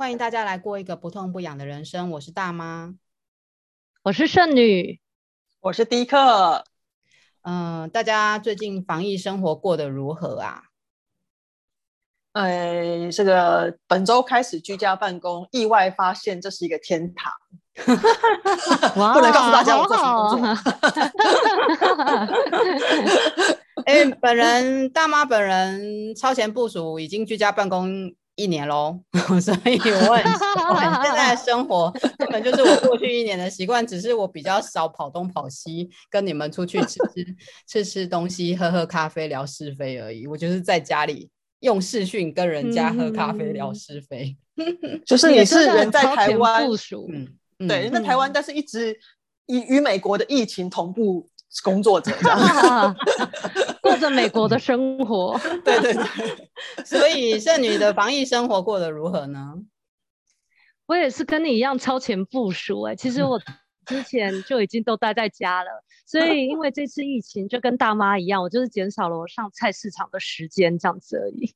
歡迎大家來過一個不痛不癢的人生。我是大媽，我是剩女，我是迪克。嗯、呃，大家最近防疫生活過得如何啊？呃、哎，這個本周開始居家辦公，意外發現這是一個天堂。哇 ，Wow, 不能告訴大家我做什麼工作。 Wow. 哎，本人大媽本人超前部署，已經居家辦公。一年嘍， 所以我很，我現在的生活根本 就是我過去一年的習慣， 只是我比較少跑東跑西， 跟你們出去吃吃吃 吃東西，喝喝咖啡，聊是非而已。我就是在家裡用視訊跟人家喝咖啡聊是非。嗯嗯、就是你是人在台灣、嗯，嗯，對，人在台灣，但是一直與美國的疫情同步工作者這樣子。 過着美國的生活， 對對對， 所以剩女的防疫生活過得如何呢？我也是跟你一樣超前部署哎、欸，其實我之前就已經都待在家了，所以因為這次疫情就跟大媽一樣，我就是減少了我上菜市場的時間這樣子而已。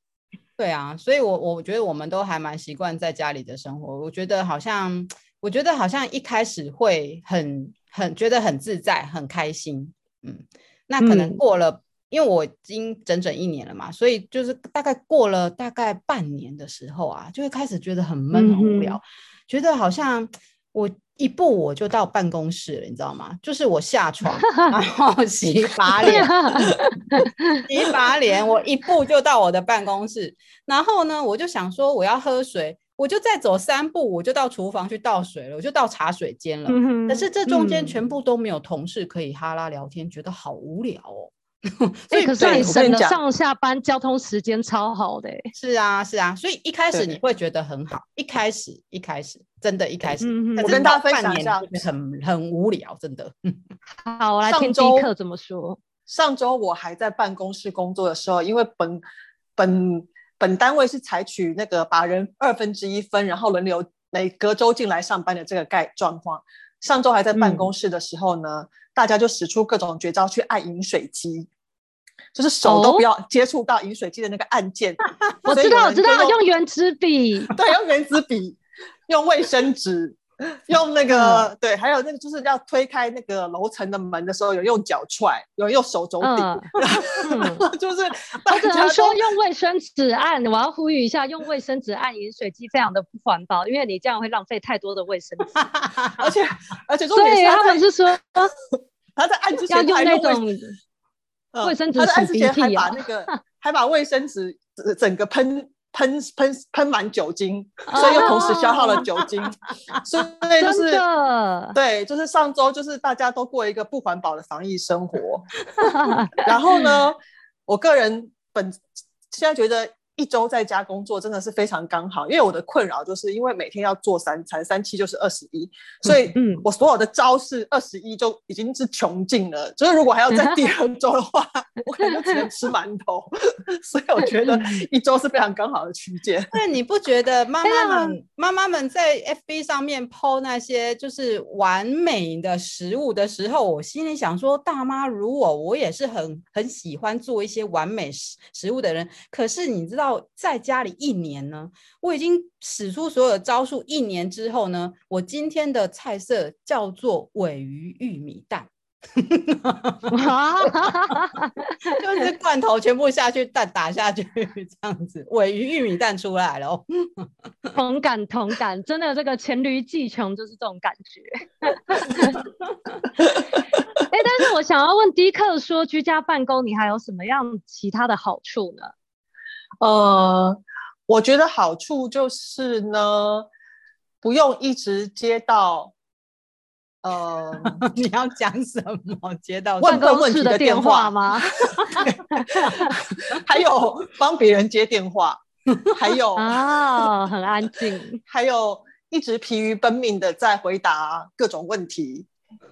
對啊，所以我我覺得我們都還蠻習慣在家裡的生活，我覺得好像我覺得好像一開始會很很覺得很自在很開心，嗯，那可能過了、嗯。因為我已經整整一年了嘛，所以就是大概過了大概半年的時候啊，就會開始覺得很悶很無聊，嗯、哼覺得好像我一步我就到辦公室了，你知道嗎？就是我下床， 然後洗把臉， 洗把臉，我一步就到我的辦公室。 然後呢，我就想說我要喝水，我就再走三步，我就到廚房去倒水了，我就到茶水間了。可、嗯、哼是這中間全部都沒有同事可以哈拉聊天，嗯、哼聊天覺得好無聊哦。 所以對可是你省了上下班 交通時間，超好的、欸。是啊，是啊。所以一開始你會覺得很好，對一開始，一開始，真的，一開始。我跟大家分享一下，很很無聊，真的。 好，我來聽第一課怎麼說。上周我還在辦公室工作的時候，因為本本本單位是採取那個把人二分之一分，然後輪流每隔周進來上班的這個概狀況。上周還在辦公室的時候呢，嗯、大家就使出各種絕招去愛飲水機。就是手都不要接觸到飲水機的那個按鍵，哦、我知道，我知道，用原子筆，對，用原子筆， 用衛生紙，用那個，嗯、對，還有那個就是要推開那個樓層的門的時候，有人用腳踹，有人用手肘頂，就是我只能說用衛生紙按，我要呼籲一下，用衛生紙按飲水機非常的不環保，因為你這樣會浪費太多的衛生紙， 而且而且他，他們是說， 他在按之前用那種用。衛、嗯、生紙、呃、他的還把那個、啊、還把衛生紙整個噴噴噴噴滿酒精， 所以又同時消耗了酒精， 所以就是 真的 對，就是上週就是大家都過一個不環保的防疫生活， 然後呢，我個人本現在覺得。一周在家工作真的是非常剛好，因為我的困擾就是因為每天要做三餐，三七就是二十一，所以我所有的招式二十一就已經是窮盡了。嗯、就是如果還要在第二周的話， 我可能就只能吃饅頭。 所以我覺得一周是非常剛好的區間。那你不覺得媽媽們媽媽、啊、們在 FB 上面 PO 那些就是完美的食物的時候，我心裡想說，大媽如我，我也是很很喜歡做一些完美食食物的人。可是你知道？到在家裡一年呢，我已經使出所有的招數。一年之後呢，我今天的菜色叫做鮪魚玉米蛋， 哇 就是罐頭全部下去，蛋打下去這樣子，鮪魚玉米蛋出來了 。同感同感，真的這個黔驢技窮就是這種感覺。哎、 欸，但是我想要問迪克說，居家辦公你還有什麼樣其他的好處呢？呃，我覺得好處就是呢，不用一直接到，呃， 你要講什麼接到問個問，問題的電話嗎？ 還有幫別人接電話， 還有啊、 哦，很安靜， 還有一直疲於奔命的在回答各種問題，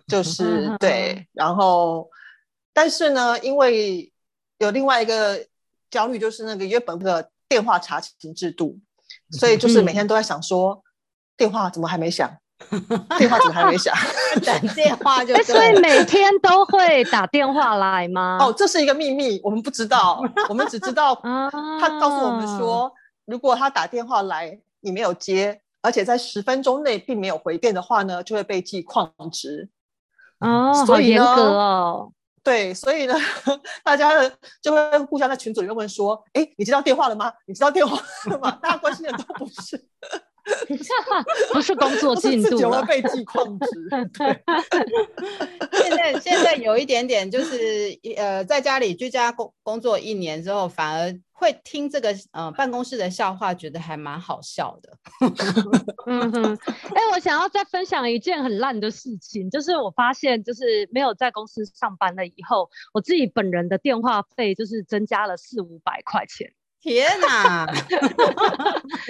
就是 對，然後，但是呢，因為有另外一個。焦慮就是那個原本的電話查勤制度，所以就是每天都在想說電話怎麼還沒響，嗯、電話怎麼還沒響，等 電話就、欸。所以每天都會打電話來嗎？哦，這是一個秘密，我們不知道，我們只知道他告訴我們說， 嗯、如果他打電話來你沒有接，而且在十分鐘內並沒有回電的話呢，就會被記曠職。哦，所以好嚴格哦。對，所以呢，大家就會互相在群組裡面問說：“哎，你接到電話了嗎？你接到電話了嗎？”大家關心的都不是。 不是工作進度，我被記曠職。對，現在現在有一點點，就是呃，在家裡居家工工作一年之後，反而會聽這個呃，辦公室的笑話，覺得還蠻好笑的。 嗯哼，哎、欸，我想要再分享一件很爛的事情，就是我發現，就是沒有在公司上班了以後，我自己本人的電話費就是增加了四五百塊錢。天哪，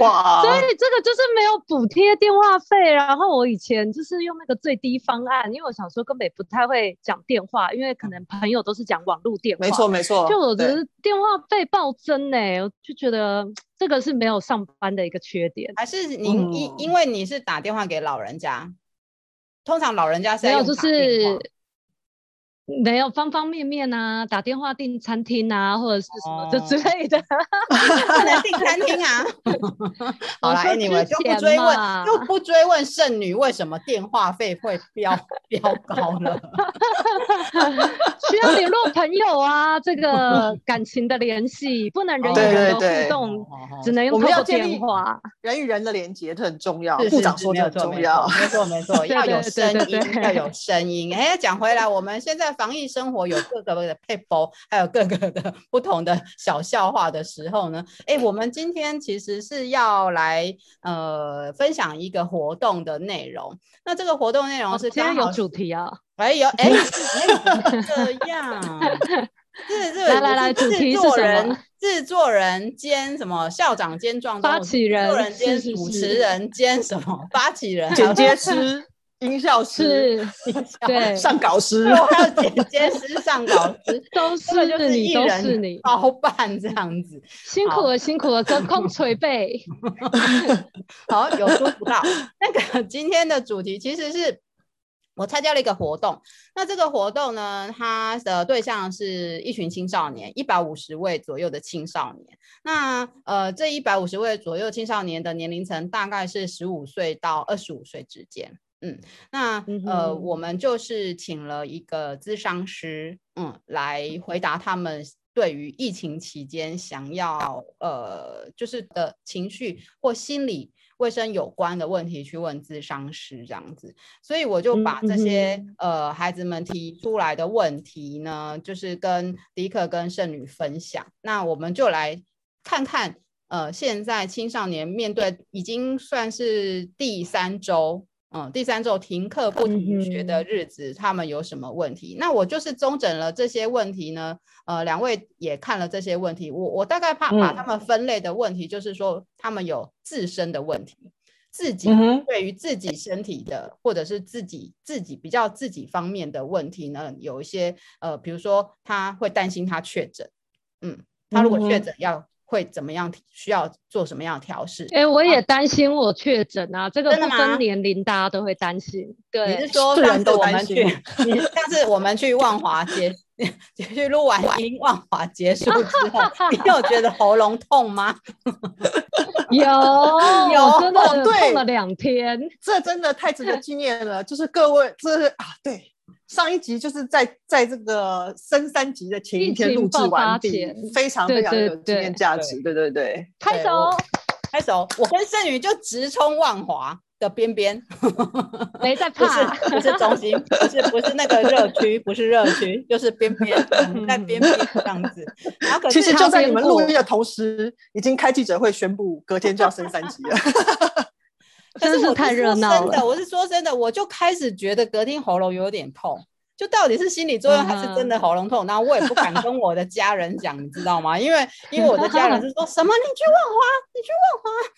哇！所以這個就是沒有補貼電話費，然後我以前就是用那個最低方案，因為我想說根本不太會講電話，因為可能朋友都是講網絡電話。嗯、沒錯沒錯。就我覺得電話費暴增呢、欸，對我就覺得這個是沒有上班的一個缺點。還是您因、嗯、因為你是打電話給老人家，通常老人家是要沒有就是。沒有方方面面啊，打電話訂餐廳啊，或者是什麼、uh、這之類的，不能訂餐廳啊。好啦你們就不追問，就不追問剩女為什麼電話費會飆飆高呢？ 需要聯絡朋友啊， 這個感情的聯繫不能人與人的互動，uh, 對對對只能用。朋友接電話，好好，人與人的連接很重要。是是是部長說的很重要，是是沒錯沒錯，沒錯沒錯沒錯要，有要有聲音，要有聲音。哎、hey，講回來，我們現在。防疫生活有各個的撇步， 還有各個的不同的小笑話的時候呢，哎、欸，我們今天其實是要來呃分享一個活動的內容。那這個活動內容是，好是？大家、哦、主題啊、哦？哎、欸、有哎，欸 欸、是這樣，這這 來來來，製是作人、製作人兼什麼？校長兼狀大起人，製作人兼主持人兼什麼？是是是發起人、剪 接師。音效師、是音效對上稿師， 還有剪接師、上稿師， 都是你就是你一人包辦這樣子，好辛苦了，辛苦了，隔空捶背。好，有舒服到 那個今天的主題，其實是我參加了一個活動，那這個活動呢，它的對象是一群青少年，一百五十位左右的青少年。那呃，這一百五十位左右青少年的年齡層大概是十五歲到二十五歲之間。嗯，那呃，嗯、哼我們就是請了一個諮商師，嗯，來回答他們對於疫情期間想要呃，就是的情緒或心理衛生有關的問題，去問諮商師這樣子。所以我就把這些、嗯、哼呃孩子們提出來的問題呢，就是跟迪克跟聖女分享。那我們就來看看，呃，現在青少年面對已經算是第三周。嗯、呃，第三週停課不停學的日子，嗯、哼他們有什麼問題？那我就是綜整了這些問題呢。呃，兩位也看了這些問題，我我大概怕把他們分類的問題，就是說、嗯、他們有自身的問題，自己對於自己身體的、嗯、哼或者是自己自己比較自己方面的問題呢，有一些呃，比如說他會擔心他確診，嗯，他如果確診要。會怎麼樣？需要做什麼樣的調試？誒，我也擔心我確診啊！這個不分年齡大家都會擔心。對，你是說所有我都去？你下次我們去萬華街，去錄完音，萬華結束之後，你有覺得喉嚨痛嗎？有有真的痛了兩天，這真的太值得紀念了。就是各位，這是啊，對。上一集就是在在這個升三級的前一天錄製完畢，非常非常有紀念價值。對對對，開手開手，我跟盛宇就直衝萬華的邊邊，沒在怕，不是不是中心，不是不是那個熱區，不是熱區，就是邊邊，在邊邊這樣子。然後，其實就在你們錄音的同時，已經開記者會宣布隔天就要升三級了。可是我是說真的，我是說真的，我就開始覺得隔天喉嚨有點痛，就到底是心理作用還是真的喉嚨痛？ 然後我也不敢跟我的家人講， 你知道嗎？因為因為我的家人就說 什麼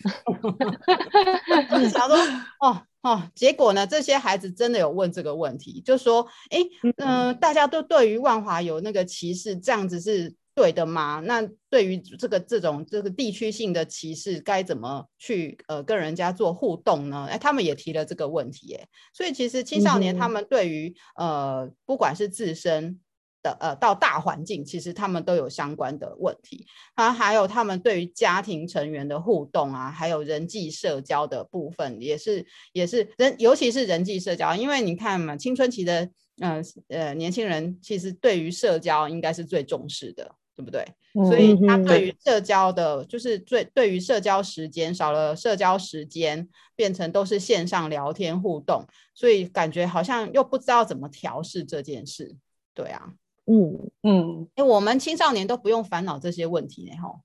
你去萬華，你去萬華，我就想說哦哦。結果呢，這些孩子真的有問這個問題，就說哎、欸呃、嗯，大家都對於萬華有那個歧視，這樣子是。對的嘛，那對於這個這種這個地區性的歧視，該怎麼去呃跟人家做互動呢？哎，他們也提了這個問題耶。所以其實青少年他們對於、嗯、哼呃不管是自身的呃到大環境，其實他們都有相關的問題啊，還有他們對於家庭成員的互動啊，還有人際社交的部分，也是也是人，尤其是人際社交，因為你看嘛，青春期的嗯呃呃年輕人其實對於社交應該是最重視的。對不對？嗯、所以他對於社交的，嗯、就是最對，對，對於社交時間少了，社交時間變成都是線上聊天互動，所以感覺好像又不知道怎麼調試這件事。對啊，嗯嗯，哎、嗯欸，我們青少年都不用煩惱這些問題呢、欸，吼。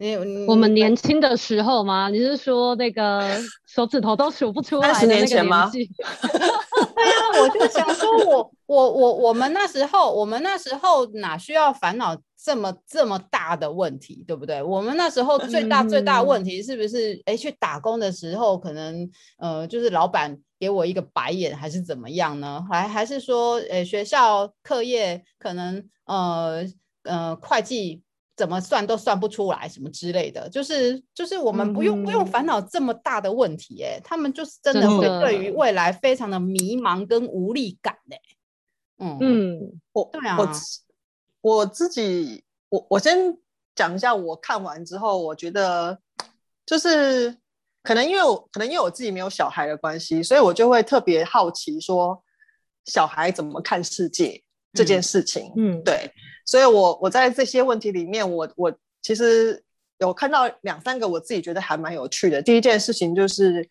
你我們年輕的時候嗎？你是說那個手指頭都數不出來那個年紀， 30年前嗎 那、 啊，我就想說我，我我我我們那時候，我們那時候哪需要煩惱這麼這麼大的問題，對不對？我們那時候最大最大問題是不是，哎，去打工的時候，可能呃，就是老闆給我一個白眼，還是怎麼樣呢？還還是說，哎，學校課業可能呃呃，會計。怎麼算都算不出來，什麼之類的，就是就是我們不用不用煩惱這麼大的問題，欸，嗯、他們就是真的會對於未來非常的迷茫跟無力感。嗯、欸、嗯，嗯我，對啊，我我自己，我我先講一下，我看完之後，我覺得就是可能因為我可能因為我自己沒有小孩的關係，所以我就會特別好奇說小孩怎麼看世界。這件事情，嗯，嗯，對，所以，我我在這些問題裡面，我我其實有看到兩三個，我自己覺得還蠻有趣的。第一件事情就是，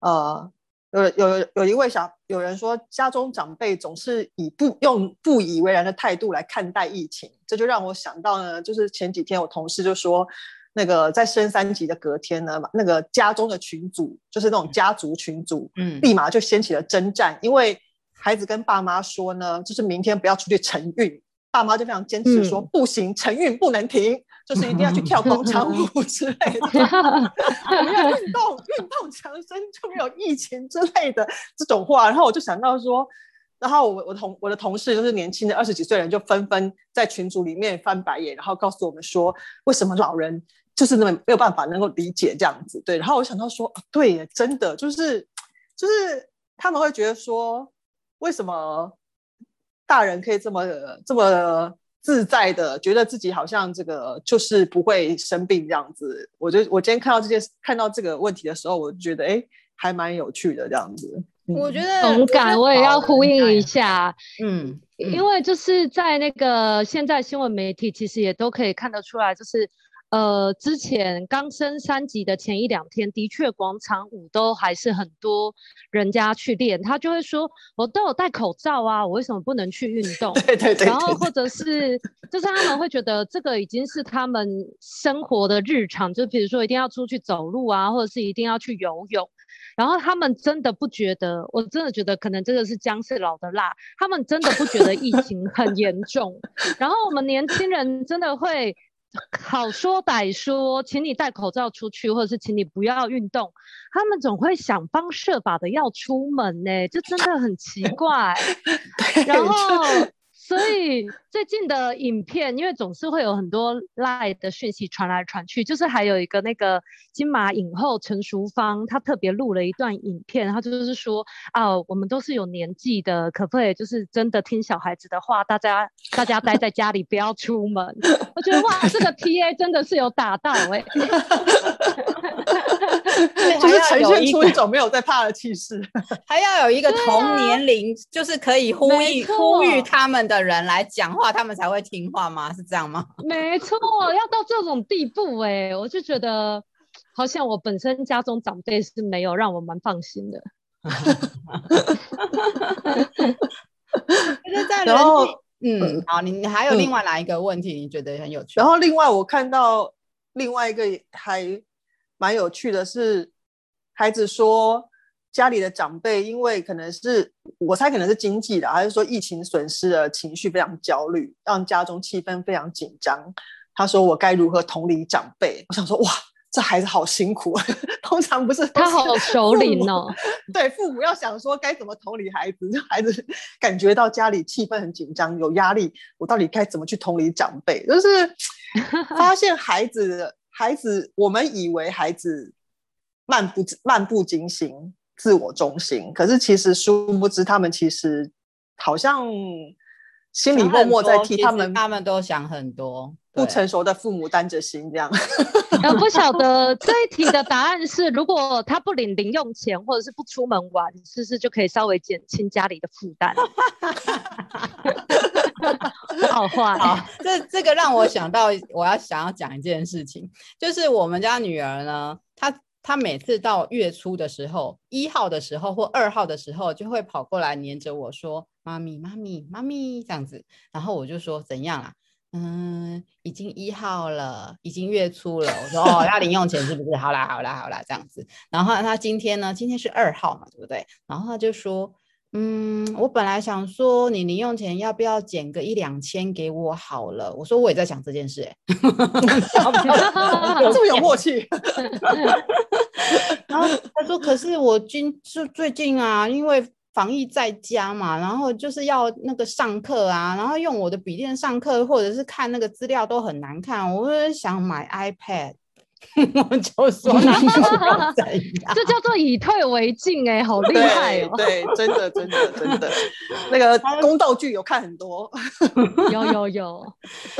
呃，有有有一位小有人說，家中長輩總是以不用不以為然的態度來看待疫情，這就讓我想到呢，就是前幾天我同事就說，那個在升三級的隔天呢，那個家中的群組就是那種家族群組，嗯，立馬就掀起了征戰，嗯、因為。孩子跟爸媽說呢，就是明天不要出去晨運，爸媽就非常堅持說、嗯、不行，晨運不能停，就是一定要去跳廣場舞之類的，我們要運動，運動強身就沒有疫情之類的這種話。然後我就想到說，然後我我同我的同事就是年輕的二十幾歲人，就紛紛在群組裡面翻白眼，然後告訴我們說，為什麼老人就是那麼沒有辦法能夠理解這樣子？對，然後我想到說，啊、對耶，真的就是就是他們會覺得說。為什麼大人可以這麼這麼自在的，覺得自己好像這個就是不會生病這樣子？我覺得我今天看到這些，看到這個問題的時候，我覺得誒、欸、還蠻有趣的這樣子。嗯，我覺得同感，我也要呼應一下。嗯，嗯，因為就是在那個現在新聞媒體其實也都可以看得出來，就是。呃，之前剛升三級的前一兩天，的確廣場舞都還是很多人家去練。他就會說：“我都有戴口罩啊，我為什麼不能去運動？” 對對對，對。然後或者是，就是他們會覺得這個已經是他們生活的日常， 就比如說一定要出去走路啊，或者是一定要去游泳。然後他們真的不覺得，我真的覺得可能這個是薑是老的辣，他們真的不覺得疫情很嚴重。 然後我們年輕人真的會。好說歹說，請你戴口罩出去，或者是請你不要運動，他們總會想方設法的要出門呢、欸，就真的很奇怪。 然後。 所以最近的影片，因為總是會有很多 Line 的訊息傳來傳去，就是還有一個那個金馬影后陳淑芳，她特別錄了一段影片，然後就是說啊、哦，我們都是有年紀的，可不可以就是真的聽小孩子的話，大家大家待在家裡，不要出門。我覺得哇，這個 TA 真的是有打到哎、欸。 就是呈現出一種沒有在怕的氣勢， 還要有一個同年齡，就是可以呼籲沒錯，呼籲他們的人來講話，他們才會聽話嗎？是這樣嗎？沒錯，要到這種地步哎、欸，我就覺得好像我本身家中長輩是沒有讓我蠻放心的。就是在然後嗯，嗯好，你還有另外哪一個問題？你覺得很有趣？嗯、然後另外我看到另外一個還。蠻有趣的是，孩子說家裡的長輩，因為可能是我猜可能是經濟的，還是說疫情損失了，情緒非常焦慮，讓家中氣氛非常緊張。他說我該如何同理長輩？我想說哇，這孩子好辛苦。 通常不是，是他好手理哦，對父母要想說該怎麼同理孩子，孩子感覺到家裡氣氛很緊張，有壓力，我到底該怎麼去同理長輩？就是發現孩子。 孩子，我們以為孩子漫不漫不經心、自我中心，可是其實殊不知，他們其實好像心裡默默在替他們，他們都想很多。對不成熟的父母擔着心，這樣。我、 呃、不曉得這一題的答案是，如果他不領零用錢，或者是不出門玩，是不是就可以稍微減輕家裡的負擔？ 好話、欸，這這個讓我想到，我要想要講一件事情，就是我們家女兒呢，她她每次到月初的時候，一號的時候或二號的時候，就會跑過來黏着我說：“媽咪，媽咪，媽咪”這樣子，然後我就說：“怎樣啊？”嗯，已經一號了，已經月初了。我說哦，要零用錢是不是？好啦，好啦，好啦，這樣子。然後他今天呢，今天是二號嘛，對不對？然後他就說，嗯，我本來想說你，你零用錢要不要減個一兩千給我好了？我說我也在想這件事，哎， 這麼有默契。 然後他說，可是我今是最近啊，因為。防疫在家嘛，然後就是要那個上課啊，然後用我的筆電上課或者是看那個資料都很難看，我就是想買 iPad。 我就說有有。 這叫做以退為進哎、欸，好厲害、喔、 對，對，真的，真的，真的。 那個《宮鬥劇》有看很多， 有有有，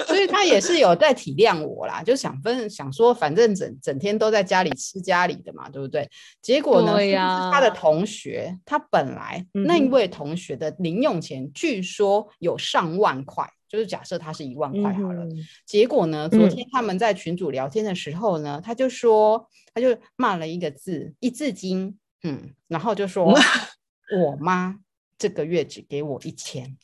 所以他也是有在體諒我啦，就想分，享 說反正整整天都在家裡吃家裡的嘛，對不對？結果呢，啊、是是他的同學，他本來嗯嗯那一位同學的零用錢，據說有上萬塊。就是假設他是一萬塊好了，嗯、哼結果呢？昨天他們在群組聊天的時候呢，嗯、他就說，他就罵了一個字，一字經，嗯，然後就說，嗯啊、我媽這個月只給我一千，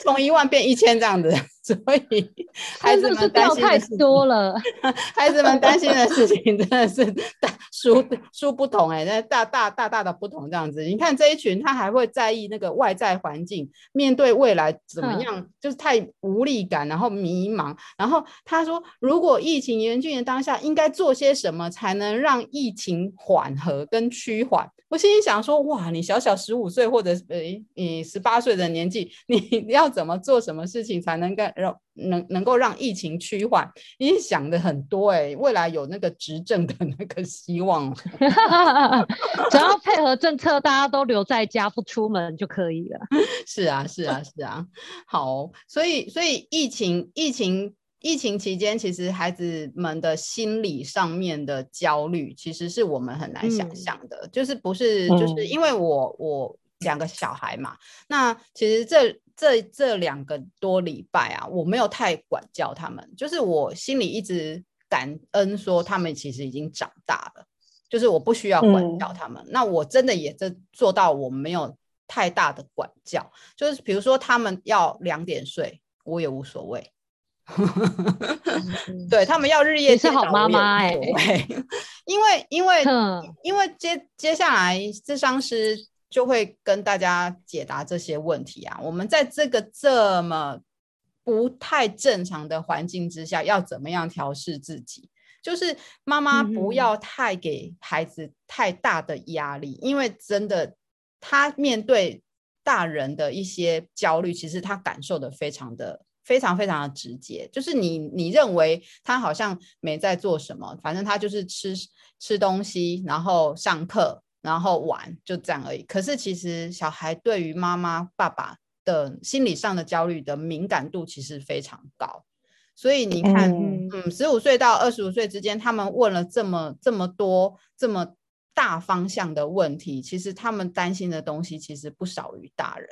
從 一萬變一千這樣子。 所以，孩子們不要太多了。 孩子們擔心的事情真的是大殊殊 不同哎、欸，那大大大大的不同這樣子。你看這一群，他還會在意那個外在環境，面對未來怎麼樣，嗯、就是太無力感，然後迷茫。然後他說，如果疫情嚴峻的當下，應該做些什麼才能讓疫情緩和跟趨緩？我心裡想說，哇，你小小十五歲或者誒、呃、你十八歲的年紀，你要怎麼做什麼事情才能跟？讓能能夠讓疫情趨緩，你想的很多、欸、未來有那個執政的那個希望，只 要配合政策，大家都留在家不出門就可以了。 是啊，是啊，是啊。好，哦，所以所以疫情疫情疫情期間，其實孩子們的心理上面的焦慮，其實是我們很難想象的。嗯、就是不是就是因為我我兩個小孩嘛，那其實這。這這兩個多禮拜啊，我沒有太管教他們，就是我心裡一直感恩，說他們其實已經長大了，就是我不需要管教他們。嗯、那我真的也在做到，我沒有太大的管教，就是比如說他們要兩點睡，我也無所謂。 嗯、對他們要日夜是好媽媽哎、欸， 因為因為哼因為接接下來諮商師。就會跟大家解答這些問題啊。我們在這個這麼不太正常的環境之下，要怎麼樣調適自己？就是媽媽不要太給孩子太大的壓力，嗯、哼因為真的他面對大人的一些焦慮，其實他感受得非常的、非常非常的直接。就是你你認為他好像沒在做什麼，反正他就是吃吃東西，然後上課。然後玩就這樣而已。可是其實小孩對於媽媽、爸爸的心理上的焦慮的敏感度其實非常高，所以你看，嗯，十五、嗯、歲到二十五歲之間，他們問了這麼這麼多這麼大方向的問題，其實他們擔心的東西其實不少於大人。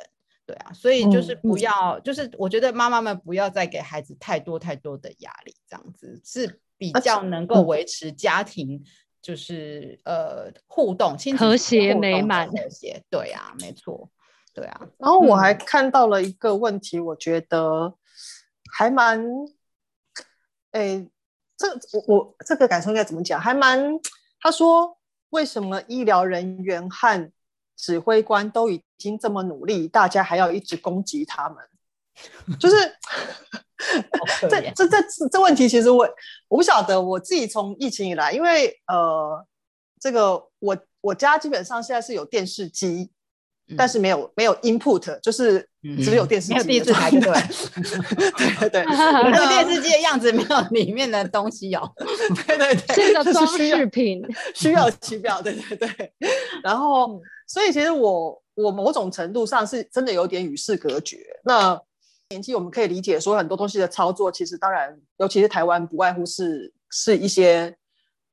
對啊，所以就是不要，嗯、就是我覺得媽媽們不要再給孩子太多太多的壓力，這樣子是比較能夠維持家庭。嗯就是呃，互動，和諧美滿，和諧，對啊，沒錯，對啊。然後我還看到了一個問題，嗯、我覺得還蠻，哎、欸，這我我這個感受應該怎麼講？還蠻，他說為什麼醫療人員和指揮官都已經這麼努力，大家還要一直攻擊他們？ 就是。這這這這問題，其實我我不曉得。我自己從疫情以來，因為呃，這個我我家基本上現在是有電視機，嗯、但是沒有沒有 input，就是只有電視機一台。嗯嗯對對對，只有電視機的樣子，沒有裡面的東西有。 對對對，是個裝飾品，虛有其表。對對對。然後，所以其實我我某種程度上是真的有點與世隔絕。那。年紀我們可以理解，說很多東西的操作，其實當然，尤其是台灣，不外乎是是一些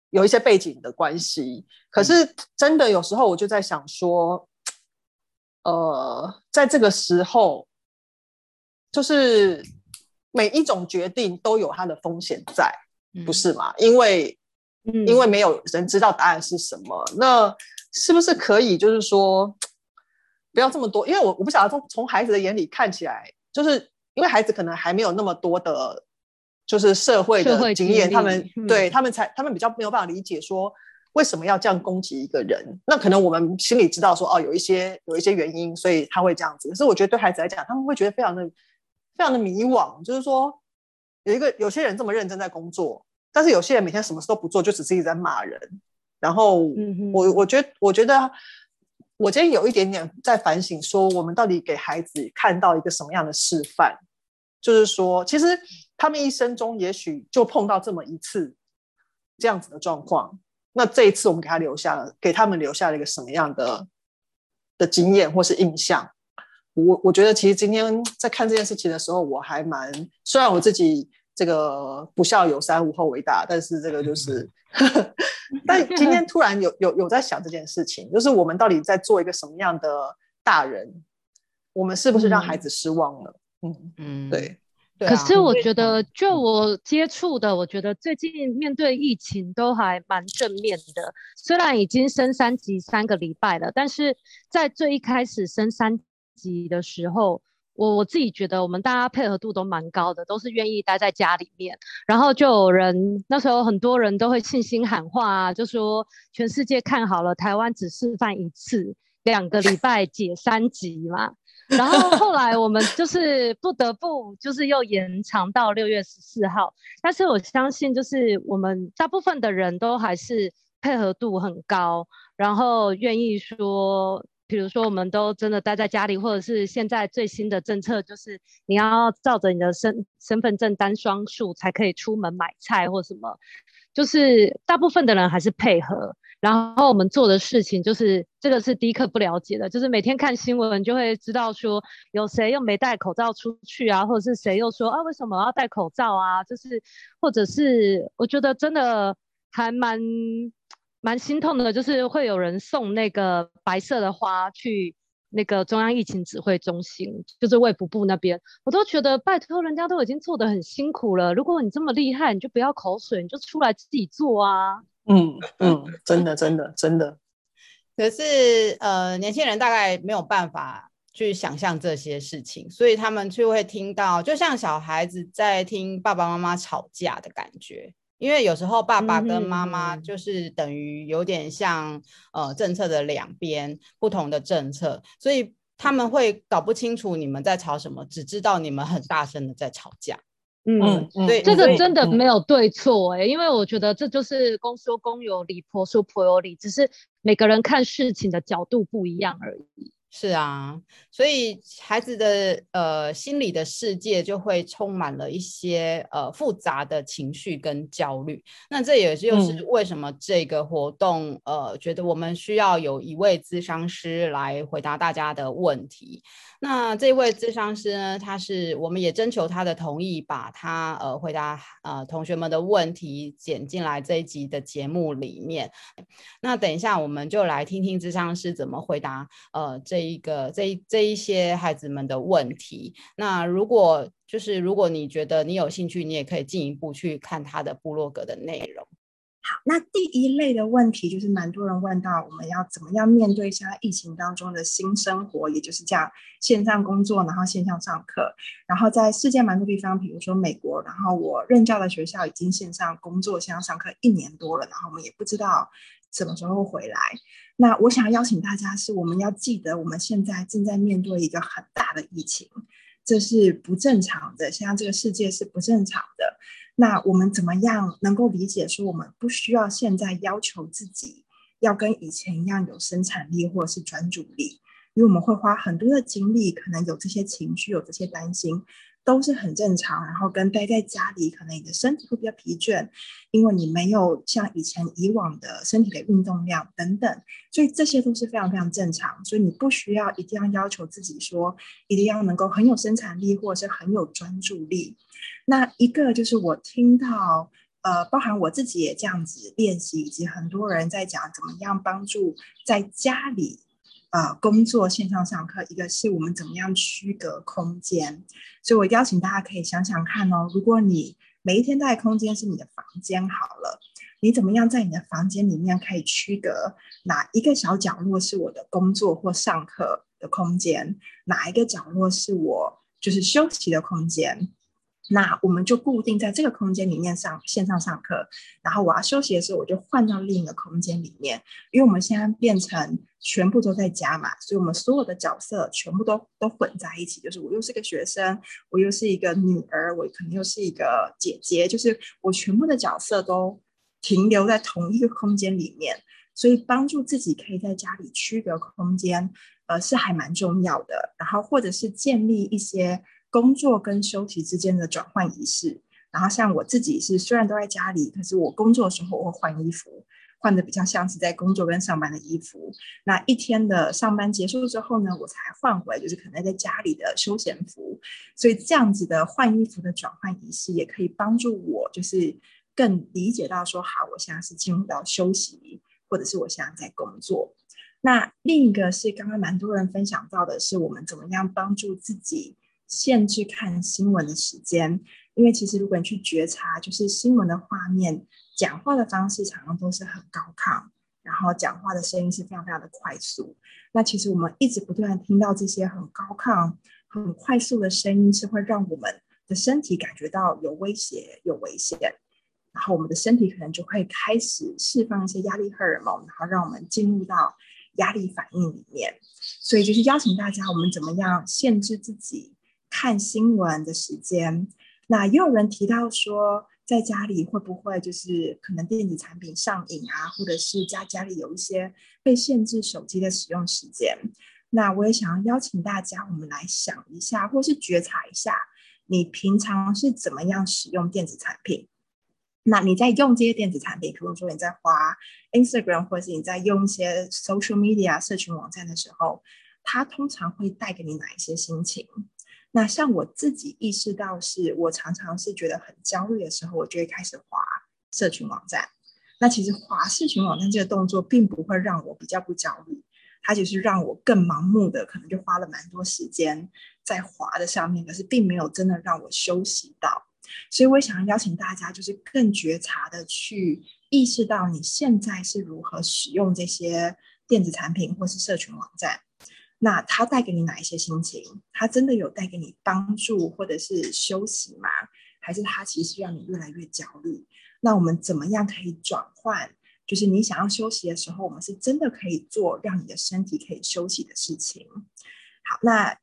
有一些背景的關係。可是真的有時候，我就在想說，呃，在這個時候，就是每一種決定都有它的風險在，不是嗎？嗯，因為，因為沒有人知道答案是什麼。那是不是可以，就是說，不要這麼多？因為我我不曉得從從孩子的眼裡看起來。就是因為孩子可能還沒有那麼多的，就是社會的經驗，經他們對、嗯、他們才他們比較沒有辦法理解說為什麼要這樣攻擊一個人。那可能我們心裡知道說哦，有一些有一些原因，所以他會這樣子。可是我覺得對孩子來講，他們會覺得非常的非常的迷惘，就是說有一個有些人這麼認真在工作，但是有些人每天什麼事都不做，就只是一直在罵人。然後、嗯、哼我我覺得我覺得。我今天有一點點在反省，說我們到底給孩子看到一個什麼樣的示範？就是說，其實他們一生中也許就碰到這麼一次這樣子的狀況，那這一次我們給他留下了，給他們留下了一個什麼樣的的經驗或是印象？我我覺得，其實今天在看這件事情的時候，我還蠻……雖然我自己這個不孝有三，無後為大，但是這個就是。嗯嗯 但今天突然有有有在想這件事情，就是我們到底在做一個什麼樣的大人？我們是不是讓孩子失望了？嗯嗯，嗯對。可是我覺得，就我接觸的，我覺得最近面對疫情都還蠻正面的。雖然已經升三級三個禮拜了，但是在最一開始升三級的時候。我我自己覺得，我們大家配合度都蠻高的，都是願意待在家裡面。然後就有人那時候很多人都會信心喊話啊，就說全世界看好了，台灣只示範一次，兩個禮拜解三級嘛。 然後後來我們就是不得不就是又延長到六月十四號，但是我相信就是我們大部分的人都還是配合度很高，然後願意說。比如說，我們都真的待在家裡，或者是現在最新的政策就是，你要照着你的身身份證單雙數才可以出門買菜或什麼。就是大部分的人還是配合，然後我們做的事情就是，這個是第一刻不了解的，就是每天看新聞就會知道說，有誰又沒戴口罩出去啊，或者是誰又說啊，為什麼我要戴口罩啊？就是，或者是我覺得真的還蠻。蠻心痛的，就是會有人送那個白色的花去那個中央疫情指揮中心，就是衛福部那邊。我都覺得，拜託，人家都已經做得很辛苦了。如果你這麼厲害，你就不要口水，你就出來自己做啊！嗯嗯，真的真的真的。真的可是，呃，年輕人大概沒有辦法去想象這些事情，所以他們就會聽到，就像小孩子在聽爸爸媽媽吵架的感覺。因為有時候爸爸跟媽媽就是等於有點像，嗯，呃政策的兩邊不同的政策，所以他們會搞不清楚你們在吵什麼？只知道你們很大聲的在吵架。嗯，對，這個真的沒有對錯，欸嗯，因為我覺得這就是公說公有理，婆說婆有理，只是每個人看事情的角度不一樣而已。是啊，所以孩子的呃心理的世界就會充滿了一些呃複雜的情緒跟焦慮。那這也就是為什麼這個活動、嗯、呃，覺得我們需要有一位諮商師來回答大家的問題。那這位諮商師呢，他是我們也徵求他的同意，把他呃回答呃同學們的問題剪進來這一集的節目裡面。那等一下我們就來聽聽諮商師怎麼回答呃這。這一個這這一些孩子們的問題，那如果就是如果你覺得你有興趣，你也可以進一步去看他的部落格的內容。好，那第一類的問題就是蠻多人問到，我們要怎麼樣面對現在疫情當中的新生活，也就是這樣線上工作，然後線上上課，然後在世界蠻多地方，比如說美國，然後我任教的學校已經線上工作、線上上課一年多了，然後我們也不知道什麼時候會回來。那我想邀請大家是，我們要記得，我們現在正在面對一個很大的疫情，這是不正常的。現在這個世界是不正常的。那我們怎麼樣能夠理解說，我們不需要現在要求自己要跟以前一樣有生產力或者是專注力？因為我們會花很多的精力，可能有這些情緒，有這些擔心。都是很正常，然後跟待在家裡，可能你的身體會比較疲倦，因為你沒有像以前以往的身體的運動量等等，所以這些都是非常非常正常，所以你不需要一定要要求自己說，一定要能夠很有生產力或者是很有專注力。那一個就是我聽到，呃，包含我自己也這樣子練習，以及很多人在講怎麼樣幫助在家裡。呃，工作線上上課，一個是我們怎麼樣區隔空間，所以我邀請大家可以想想看哦，如果你每一天待的空間是你的房間好了，你怎麼樣在你的房間裡面可以區隔哪一個小角落是我的工作或上課的空間，哪一個角落是我就是休息的空間？那我們就固定在這個空間裡面上線上上課，然後我要休息的時候，我就換到另一個空間裡面。因為我們現在變成全部都在家嘛，所以我們所有的角色全部都都混在一起。就是我又是個學生，我又是一個女兒，我可能又是一個姐姐，就是我全部的角色都停留在同一個空間裡面。所以幫助自己可以在家裡區隔空間，呃，是還蠻重要的。然後或者是建立一些。工作跟休息之間的轉換儀式，然後像我自己是雖然都在家裡，但是我工作的時候，我會換衣服，換得比較像是在工作跟上班的衣服。那一天的上班結束之後呢，我才換回來就是可能在家裡的休閒服。所以這樣子的換衣服的轉換儀式，也可以幫助我，就是更理解到說，好，我現在是進入到休息，或者是我現在在工作。那另一個是剛剛蠻多人分享到的是，我們怎麼樣幫助自己。限制看新聞的時間，因為其實如果你去覺察，就是新聞的畫面、講話的方式，常常都是很高亢，然後講話的聲音是非常非常的快速。那其實我們一直不斷聽到這些很高亢、很快速的聲音，是會讓我們的身體感覺到有威脅、有危險，然後我們的身體可能就會開始釋放一些壓力荷爾蒙，然後讓我們進入到壓力反應裡面。所以就是邀請大家，我們怎麼樣限制自己看新聞的時間，那也有人提到說，在家裡會不會就是可能電子產品上癮啊，或者是家家裡有一些被限制手機的使用時間？那我也想要邀請大家，我們來想一下，或是覺察一下，你平常是怎麼樣使用電子產品？那你在用這些電子產品，比如說你在滑 Instagram，或者是你在用一些 social media 社群網站的時候，它通常會帶給你哪一些心情？那像我自己意識到，是我常常是覺得很焦慮的時候，我就會開始滑社群網站。那其實滑社群網站這個動作，並不會讓我比較不焦慮，它就是讓我更盲目的，可能就花了蠻多時間在滑的上面，可是並沒有真的讓我休息到。所以，我也想要邀請大家，就是更覺察的去意識到你現在是如何使用這些電子產品或是社群網站。那它帶給你哪一些心情？它真的有帶給你幫助，或者是休息嗎？還是它其實讓你越來越焦慮？那我們怎麼樣可以轉換？就是你想要休息的時候，我們是真的可以做讓你的身體可以休息的事情。好，那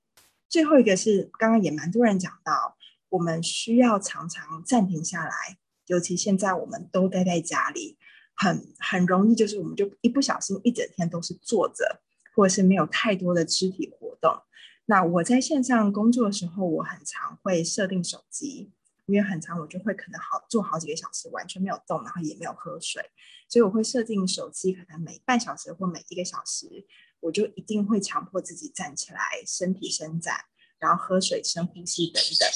最後一個是剛剛也蠻多人講到，我們需要常常暫停下來，尤其現在我們都待在家裡，很很容易就是我們就一不小心一整天都是坐着。或是沒有太多的肢體活動。那我在線上工作的時候，我很常會設定手機，因為很常我就會可能好做，好幾個小時，完全沒有動，然後也沒有喝水，所以我會設定手機，可能每半小時或每一個小時，我就一定會強迫自己站起來，身體伸展，然後喝水、深呼吸等等。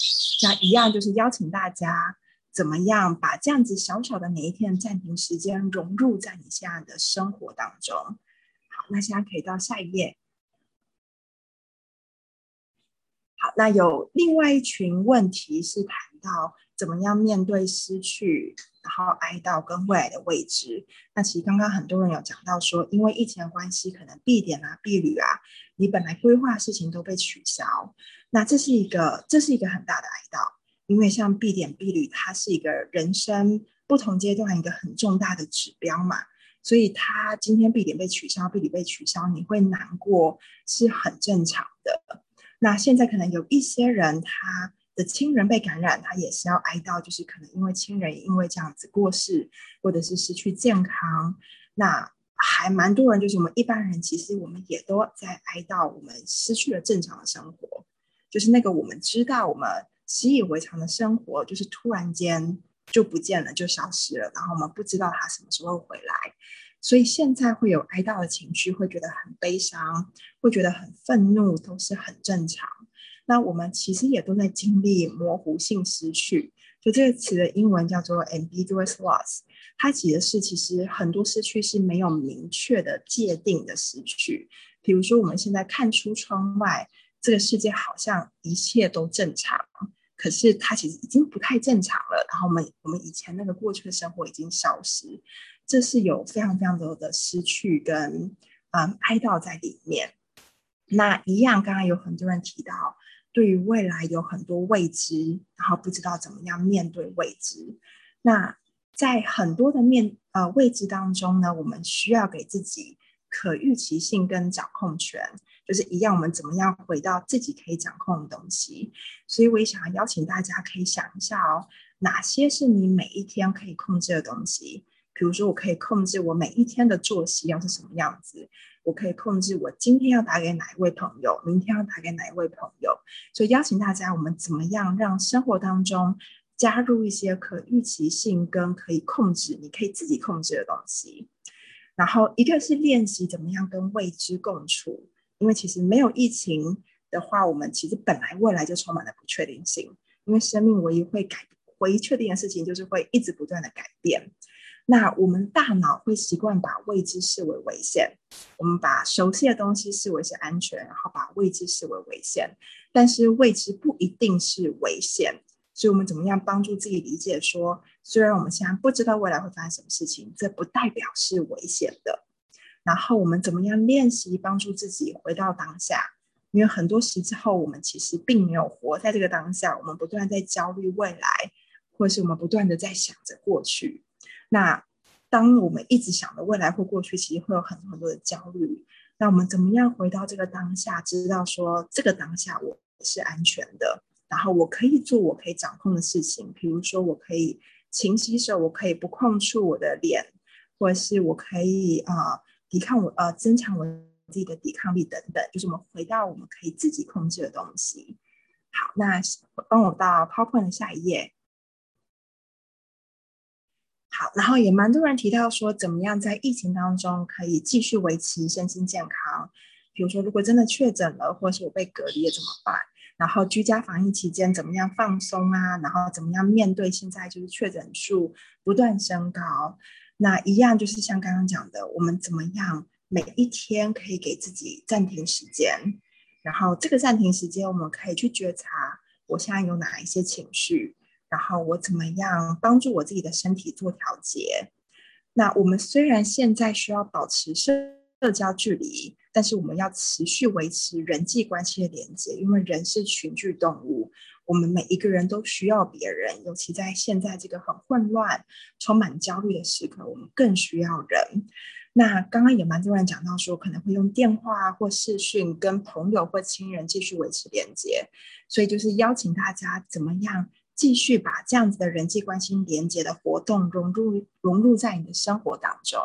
那一樣就是邀請大家，怎麼樣把這樣子小小的每一天暫停時間融入在你現在的生活當中。那現在可以到下一頁。好，那有另外一群問題是談到怎麼樣面對失去，然後哀悼跟未來的未知。那其實剛剛很多人有講到說，因為疫情的關係，可能畢典啊、畢旅啊，你本來規劃的事情都被取消，那這是一個這是一個很大的哀悼，因為像畢典畢旅，它是一個人生不同階段一個很重大的指標嘛。所以他今天畢典被取消，畢典被取消，你會難過是很正常的。那現在可能有一些人，他的親人被感染，他也是要哀悼，就是可能因為親人因為這樣子過世，或者是失去健康，那還蠻多人，就是我們一般人，其實我們也都在哀悼，我們失去了正常的生活，就是那個我們知道我們習以為常的生活，就是突然間。就不見了，就消失了，然後我們不知道他什麼時候回來，所以現在會有哀悼的情緒，會覺得很悲傷，會覺得很憤怒，都是很正常。那我們其實也都在經歷模糊性失去，就這個詞的英文叫做 ambiguous loss，它指的是其實很多失去是沒有明確的界定的失去。比如說我們現在看出窗外，這個世界好像一切都正常。可是他其實已經不太正常了，然後我們我們以前那個過去的生活已經消失，這是有非常非常多的失去跟嗯哀悼在裡面。那一樣，剛剛有很多人提到，對於未來有很多未知，然後不知道怎麼樣面對未知。那在很多的面呃未知當中呢，我們需要給自己可預期性跟掌控權。就是一樣，我們怎麼樣回到自己可以掌控的東西？所以我也想要邀請大家，可以想一下哦，哪些是你每一天可以控制的東西？比如說，我可以控制我每一天的作息要是什麼樣子，我可以控制我今天要打給哪一位朋友，明天要打給哪一位朋友。所以邀請大家，我們怎麼樣讓生活當中加入一些可預期性跟可以控制、你可以自己控制的東西？然後，一個是練習怎麼樣跟未知共處。因為其實沒有疫情的話，我們其實本來未來就充滿了不確定性。因為生命唯一會改，唯一確定的事情就是會一直不斷的改變。那我們大腦會習慣把未知視為危險，我們把熟悉的東西視為是安全，然後把未知視為危險。但是未知不一定是危險，所以我們怎麼樣幫助自己理解說，雖然我們現在不知道未來會發生什麼事情，這不代表是危險的。然後我們怎麼樣練習幫助自己回到當下？因為很多時候我們其實並沒有活在這個當下，我們不斷在焦慮未來，或是我們不斷地在想着過去。那當我們一直想着未來或過去，其實會有很多很多的焦慮。那我們怎麼樣回到這個當下，知道說，這個當下我是安全的，然後我可以做我可以掌控的事情，比如說我可以勤洗手，我可以不碰觸我的臉，或者是我可以啊。呃抵抗我呃，增強我自己的抵抗力等等，就是我們回到我們可以自己控制的東西。好，那我幫我到 PowerPoint 的下一頁。好，然後也蠻多人提到說，怎麼樣在疫情當中可以繼續維持身心健康？比如說，如果真的確診了，或是我被隔離了怎麼辦？然後居家防疫期間怎麼樣放鬆啊？然後怎麼樣面對現在就是確診數不斷升高？那一樣就是像剛剛講的，我們怎麼樣每一天可以給自己暫停時間，然後這個暫停時間我們可以去覺察我現在有哪一些情緒，然後我怎麼樣幫助我自己的身體做調節。那我們雖然現在需要保持社交距離，但是我們要持續維持人際關係的連接，因為人是群居動物。我們每一個人都需要別人，尤其在現在這個很混亂、充滿焦慮的時刻，我們更需要人。那剛剛也蠻多人講到說，可能會用電話或視訊跟朋友或親人繼續維持連接，所以就是邀請大家怎麼樣繼續把這樣子的人際關係連接的活動融入融入在你的生活當中，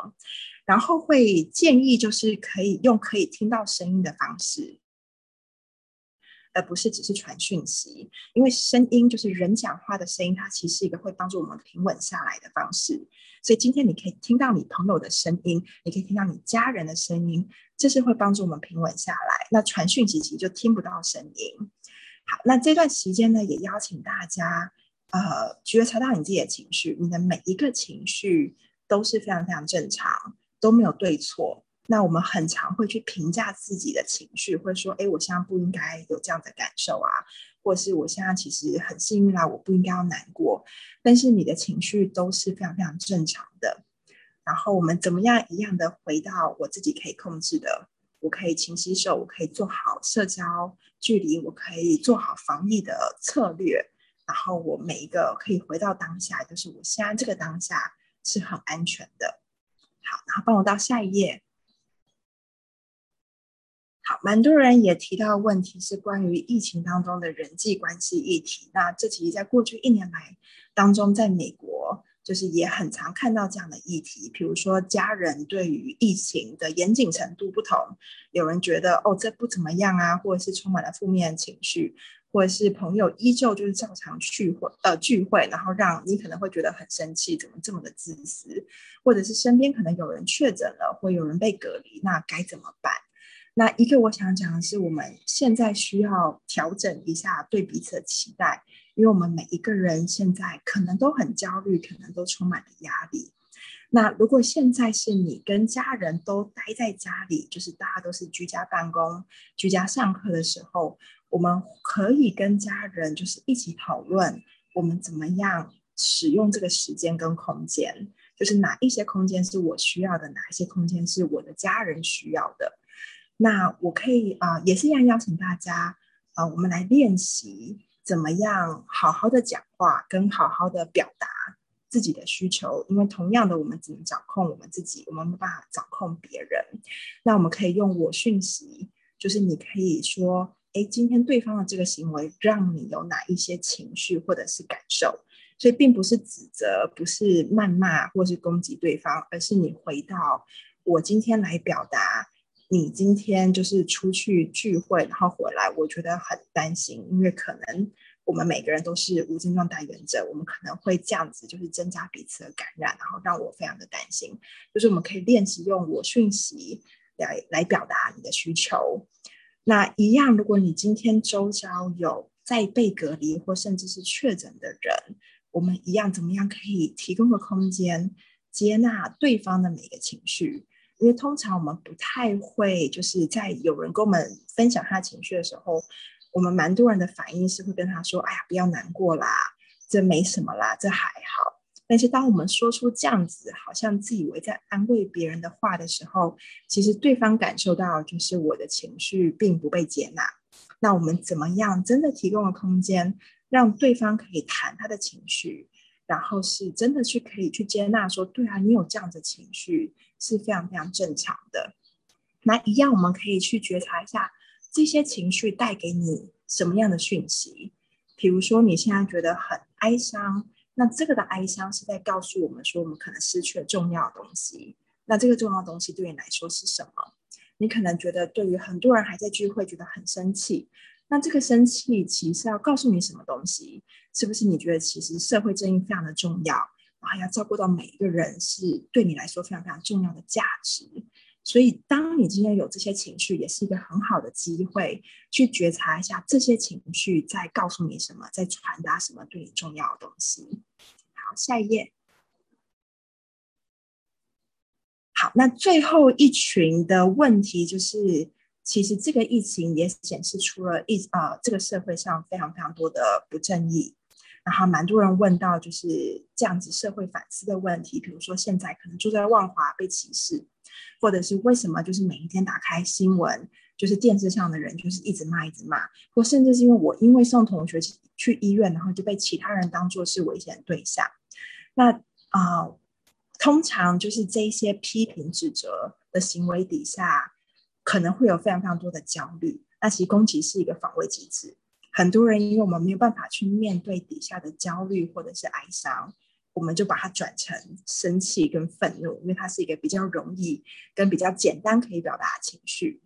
然後會建議就是可以用可以聽到聲音的方式。而不是只是傳訊息，因為聲音就是人講話的聲音，它其實是一個會幫助我們平穩下來的方式。所以今天你可以聽到你朋友的聲音，你可以聽到你家人的聲音，這是會幫助我們平穩下來。那傳訊息其實就聽不到聲音。好，那這段時間呢，也邀請大家，呃，覺察到你自己的情緒，你的每一個情緒都是非常非常正常，都沒有對錯。那我們很常會去評價自己的情緒，或者說，哎，我現在不應該有這樣的感受啊，或者是我現在其實很幸運啦，啊，我不應該要難過。但是你的情緒都是非常非常正常的。然後我們怎麼樣一樣的回到我自己可以控制的，我可以勤洗手，我可以做好社交距離，我可以做好防疫的策略。然後我每一個可以回到當下，就是我現在這個當下是很安全的。好，然後幫我到下一頁。好，蠻多人也提到的問題，是關於疫情當中的人際關係議題。那這其實在過去一年來當中，在美國就是也很常看到這樣的議題，比如說家人對於疫情的嚴謹程度不同，有人覺得哦這不怎麼樣啊，或者是充滿了負面情緒，或者是朋友依舊就是照常聚會，呃聚會，然後讓你可能會覺得很生氣，怎麼這麼的自私，或者是身邊可能有人確診了，或有人被隔離，那該怎麼辦？那一個我想講的是，我們現在需要調整一下對彼此的期待，因為我們每一個人現在可能都很焦慮，可能都充滿了壓力。那如果現在是你跟家人都待在家裡，就是大家都是居家辦公、居家上課的時候，我們可以跟家人就是一起討論，我們怎麼樣使用這個時間跟空間，就是哪一些空間是我需要的，哪一些空間是我的家人需要的。那我可以啊、呃，也是一樣邀請大家啊、呃，我們來練習怎麼樣好好的講話，跟好好的表達自己的需求。因為同樣的，我們只能掌控我們自己，我們沒辦法掌控別人。那我們可以用我訊息，就是你可以說，哎，今天對方的這個行為讓你有哪一些情緒或者是感受。所以，並不是指責，不是謾罵，或是攻擊對方，而是你回到我今天來表達。你今天就是出去聚會，然後回來，我覺得很擔心，因為可能我們每個人都是無症狀帶原者，我們可能會這樣子就是增加彼此的感染，然後讓我非常的擔心。就是我們可以練習用我訊息來來表達你的需求。那一樣，如果你今天周遭有在被隔離或甚至是確診的人，我們一樣怎麼樣可以提供個空間，接納對方的每個情緒？因為通常我們不太會，就是在有人跟我們分享他情緒的時候，我們蠻多人的反應是會跟他說：“哎呀，不要難過啦，這沒什麼啦，這還好。”但是當我們說出這樣子好像自以為在安慰別人的話的時候，其實對方感受到就是我的情緒並不被接納。那我們怎麼樣真的提供了空間，讓對方可以談他的情緒，然後是真的去可以去接納，說：“對啊，你有這樣的情緒。”是非常非常正常的。那一樣，我們可以去覺察一下這些情緒帶給你什麼樣的訊息。比如說，你現在覺得很哀傷，那這個的哀傷是在告訴我們說，我們可能失去了重要的東西。那這個重要的東西對你來說是什麼？你可能覺得，對於很多人還在聚會，覺得很生氣。那這個生氣其實要告訴你什麼東西？是不是你覺得，其實社會正義非常的重要？還要照顧到每一個人，是對你來說非常非常重要的價值。所以，當你今天有這些情緒，也是一個很好的機會，去覺察一下這些情緒在告訴你什麼，在傳達什麼對你重要的東西。好，下一頁。好，那最後一群的問題就是，其實這個疫情也顯示出了一，呃，這個社會上非常非常多的不正義。然後，蠻多人問到就是這樣子社會反思的問題，比如說現在可能住在萬華被歧視，或者是為什麼就是每一天打開新聞，就是電視上的人就是一直罵，一直罵，或甚至是因為我因為送同學去醫院，然後就被其他人當做是危險對象。那啊、呃，通常就是這一些批評指責的行為底下，可能會有非常非常多的焦慮。那其實攻擊是一個防衛機制。很多人因為我們沒有辦法去面對底下的焦慮或者是哀傷，我們就把它轉成生氣跟憤怒，因為它是一個比較容易跟比較簡單可以表達情緒。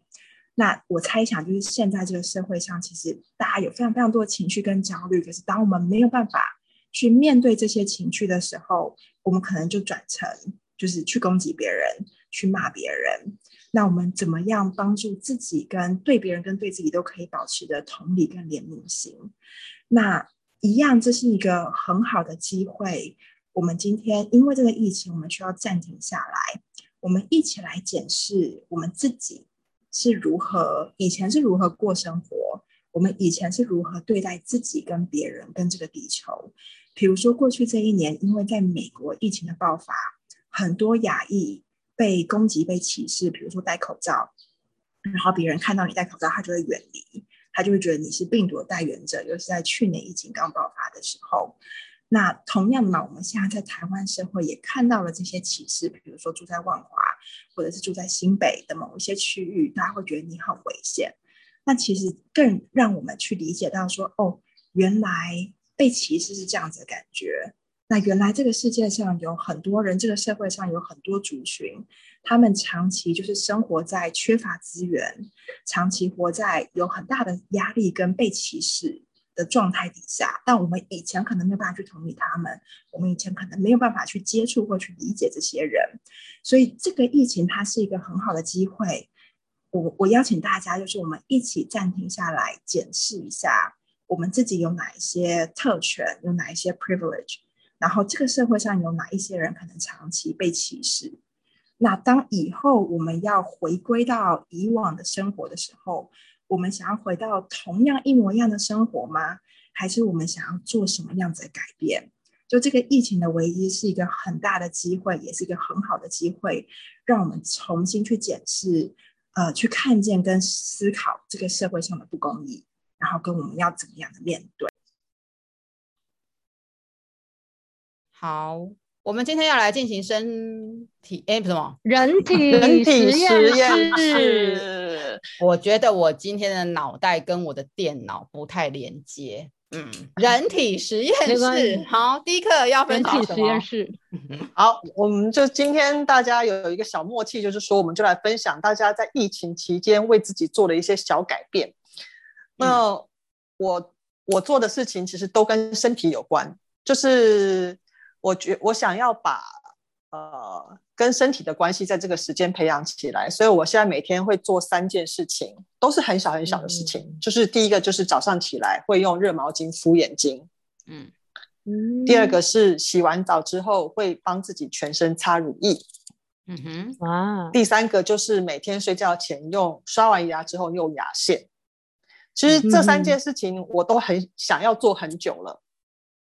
那我猜想就是現在這個社會上，其實大家有非常非常多的情緒跟焦慮，可是當我們沒有辦法去面對這些情緒的時候，我們可能就轉成就是去攻擊別人，去罵別人。那我們怎麼樣幫助自己，跟對別人，跟對自己都可以保持的同理跟憐憫心？那一樣，這是一個很好的機會。我們今天因為這個疫情，我們需要暫停下來，我們一起來檢視我們自己是如何，以前是如何過生活，我們以前是如何對待自己跟別人跟這個地球。比如說，過去這一年，因為在美國疫情的爆發，很多亞裔被攻擊、被歧視，比如說戴口罩，然後別人看到你戴口罩，他就會遠離，他就會覺得你是病毒的帶原者。尤、就是在去年疫情剛爆發的時候，那同樣的嘛，我們現在在台灣社會也看到了這些歧視，比如說住在萬華或者是住在新北的某一些區域，大家會覺得你很危險。那其實更讓我們去理解到說，哦，原來被歧視是這樣子的感覺。那原來這個世界上有很多人，這個社會上有很多族群，他們長期就是生活在缺乏資源，長期活在有很大的壓力跟被歧視的狀態底下。但我們以前可能沒有辦法去同理他們，我們以前可能沒有辦法去接觸或去理解這些人。所以這個疫情它是一個很好的機會，我我邀請大家，就是我們一起暫停下來，檢視一下我們自己有哪一些特權，有哪一些 privilege。然後，這個社會上有哪一些人可能長期被歧視？那當以後我們要回歸到以往的生活的時候，我們想要回到同樣一模一樣的生活嗎？還是我們想要做什麼樣子的改變？就這個疫情的危機是一個很大的機會，也是一個很好的機會，讓我們重新去檢視，呃，去看見跟思考這個社會上的不公義，然後跟我們要怎麼樣的面對。好，我們今天要來進行身體誒、欸，什麼人體人體實驗室？我覺得我今天的腦袋跟我的電腦不太連接。嗯，人體實驗室。 好，第一課要分享什麼？實驗室。 好，我們就今天大家有一個小默契，就是說我們就來分享大家在疫情期間為自己做的一些小改變。嗯、那我我做的事情其實都跟身體有關，就是。我覺得我想要把呃跟身體的關係在這個時間培養起來，所以我現在每天會做三件事情，都是很小很小的事情。嗯、就是第一個就是早上起來會用熱毛巾敷眼睛，嗯，第二個是洗完澡之後會幫自己全身擦乳液，嗯哼，哇，第三個就是每天睡覺前用刷完牙之後用牙線。其實這三件事情我都很想要做很久了，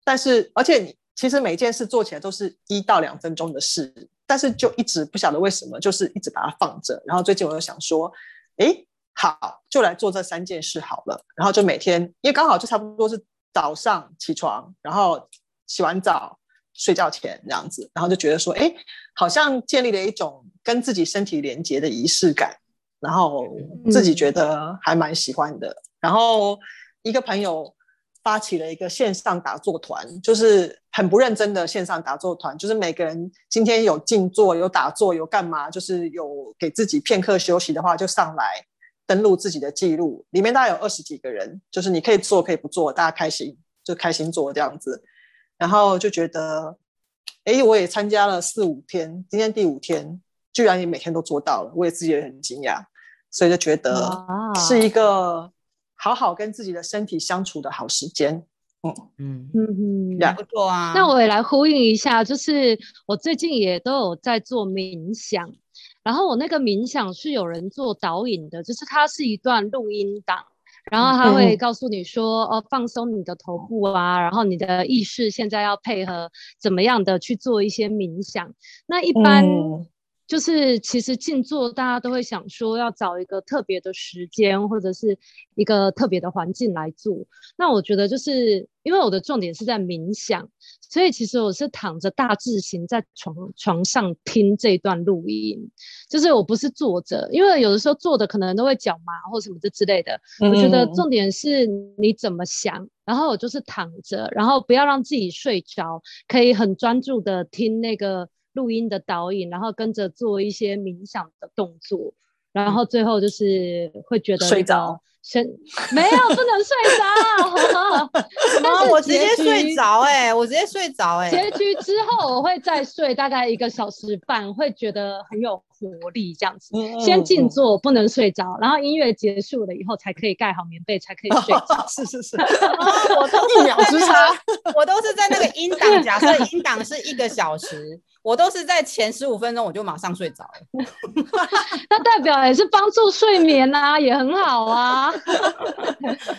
但是而且你。其實每一件事做起來都是一到兩分鐘的事，但是就一直不曉得為什麼，就是一直把它放着。然後最近我就想說，哎，好，就來做這三件事好了。然後就每天，因為剛好就差不多是早上起床，然後洗完澡睡覺前這樣子。然後就覺得說，哎，好像建立了一種跟自己身體連接的儀式感，然後自己覺得還蠻喜歡的。嗯、然後一個朋友，發起了一個線上打坐團，就是很不認真的線上打坐團，就是每個人今天有靜坐、有打坐、有幹嘛，就是有給自己片刻休息的話，就上來登錄自己的記錄，裡面大概有二十幾個人，就是你可以做，可以不做，大家開心就開心做這樣子，然後就覺得，哎，我也參加了四五天，今天第五天，居然也每天都做到了，我也自己也很驚訝，所以就覺得是一個。好好跟自己的身體相處的好時間，嗯嗯嗯嗯，也不錯啊。嗯嗯、那我也來呼應一下，就是我最近也都有在做冥想，然後我那個冥想是有人做導引的，就是它是一段錄音檔，然後它會告訴你說，嗯、哦，放鬆你的頭部啊，然後你的意識現在要配合怎麼樣的去做一些冥想，那一般。嗯就是其實靜坐，大家都會想說要找一個特別的時間或者是一個特別的環境來做。那我覺得就是因為我的重點是在冥想，所以其實我是躺着大字型在床床上聽這段錄音，就是我不是坐着，因為有的時候坐着可能都會腳麻或什麼之之類的。嗯、我覺得重點是你怎麼想，然後我就是躺着，然後不要讓自己睡着，可以很專注的聽那個。錄音的導引，然後跟着做一些冥想的動作，然後最後就是會覺得、嗯、睡着，先沒有不能睡着。什麼、 啊？我直接睡着哎、欸，我直接睡着哎、欸。結局之後我會再睡大概一個小時半，會覺得很有活力這樣子。嗯嗯嗯、先靜坐不能睡着，然後音樂結束了以後才可以蓋好棉被才可以睡着、啊。是是是。啊、 我都一秒之差， 我都是在那個音檔，假設 音檔是一個小時。我都是在前十五分鐘我就馬上睡着了， 那代表也是幫助睡眠吶、啊，也很好啊。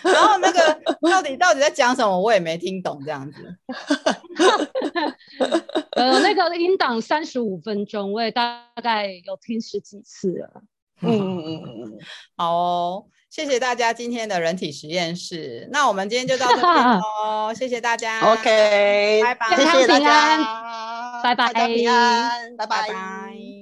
然後那個到底到底在講什麼，我也沒聽懂這樣子。 呃，那個音檔三十五分鐘，我也大概有聽十幾次了。嗯嗯嗯嗯嗯， 好、哦。謝謝大家今天的人體實驗室，那我們今天就到這裡嘍，謝謝大家，OK，拜拜，謝謝大家。拜拜，bye bye 大家平安，拜拜。Bye bye